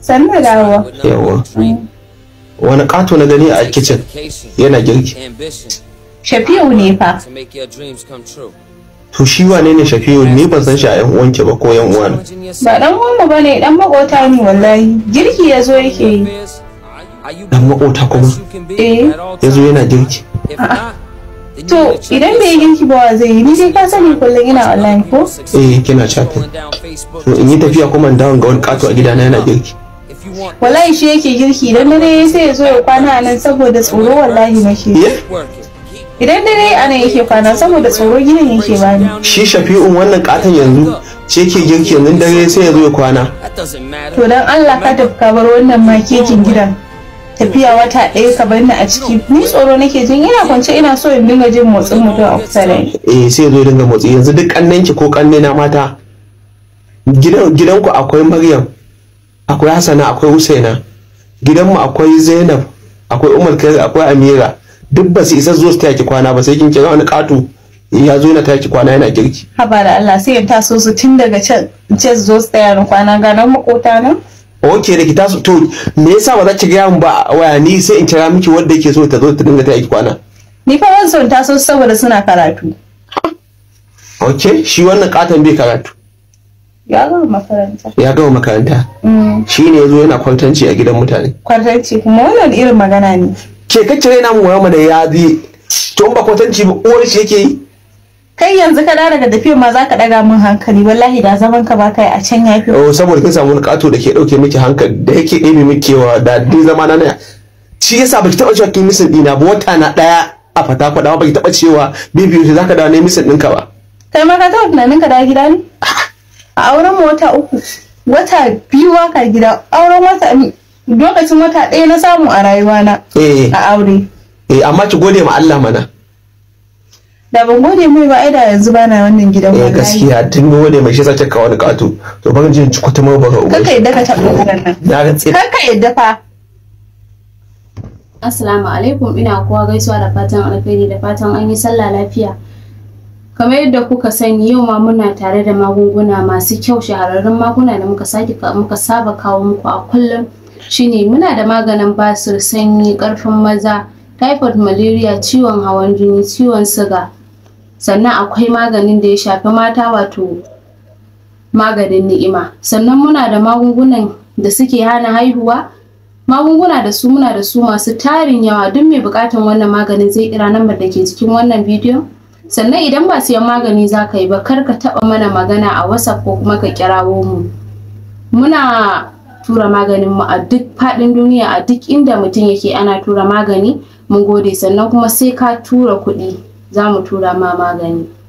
sannan yawa mm. wani kato na gani a kicin yana girki Shafiyu ne fa to shi wane ne shafiyu ne ban san shi a yan uwanki ba ko yan ne ba dan uwanmu ba ne dan makota ne wallahi girki ya zo yake yi dan makota kuma eh ya zo yana girki to idan bai girki ba wa zai yi ni dai ka sani kullum ina online ko eh kina chatting to in yi tafiya kuma in dawo ga wani kato a gidana yana girki wallahi shi yake girki idan dare ya sai ya zo ya kwana nan saboda tsoro wallahi nake idan dare a nan yake kwana saboda tsoro gidan yake bani shi shafi'un wannan katon yanzu ce ke girki yanzu dare sai ya zo ya kwana to dan Allah ka tafi kabar bar wannan makekin gidan tafiya wata ɗaya ka bar ni a ciki ni tsoro nake jin ina kwance ina so in dinga jin motsin mutum a kusa da ni eh sai zo dinga motsi yanzu duk kannanki ko kannena mata gidan gidanku akwai Maryam akwai hasana akwai husaina gidanmu akwai zainab akwai umar akwai amira duk ba su isa zuwa su taki kwana ba sai kin kira wani katu ya zo na taki kwana yana girki. Haba da Allah sai in taso su tun daga can ce zo su taya ni kwana ganar makota nan. Ok da ki taso to me yasa ba za ki gaya min ba waya ni sai in kira miki wanda yake so ta zo ta dinga taki kwana. Ni fa ban son taso saboda suna karatu. Ok shi wannan katon bai karatu. ya gama makaranta ya gama makaranta mm. shi ne zo yana kwantanci a gidan mutane kwantanci kuma wannan irin magana ne ke kacce rai namu wayo da ya zai tun ba kwantanci ba uwar shi yake yi kai yanzu ka daga tafiyar ma za ka daga min hankali wallahi da zaman ka baka a can ya fi oh saboda kin samu kato da ke dauke miki hankali da yake ɗebe miki da dai zama na naya shi yasa baki taɓa cewa kin misin ɗina ba wata na ɗaya a fata ba baki taɓa cewa shi za ka dawo ne misin ɗinka ba kai ma ka taɓa tunanin ka da gida ne ah, a auren mu wata uku wata biyu waka gida auren wata lokacin wata ɗaya na samu a rayuwana eh. a aure eh amma ki gode ma Allah mana da ban gode mai ba ai da yanzu bana wannan gidan eh, wallahi eh gaskiya tun gode mai shi sace ka wani kato to ban jin ci kutuma ba ka kaka yadda ka taɓa wannan nan na rantsi kaka yadda fa Assalamu alaikum ina kowa gaisuwa da fatan alkhairi da fatan an yi sallah lafiya kamar yadda kuka sani yau ma muna tare da magunguna masu kyau shahararrun magunguna da muka sake muka saba kawo muku a kullum shine muna da maganin basir sanyi karfin maza typhoid malaria ciwon hawan jini ciwon siga sannan akwai maganin da ya shafi mata wato maganin ni'ima sannan muna da magungunan da suke hana haihuwa magunguna da su muna da su masu tarin yawa duk mai bukatan wannan maganin zai kira nan da ke cikin wannan bidiyon sannan idan ba siyan magani za ka yi ba kar ka taɓa mana magana a wasa ko kuma ka kirawo mu muna tura maganin mu a duk faɗin duniya a duk inda mutum yake ana tura magani mun gode sannan kuma sai ka tura kuɗi za mu tura ma magani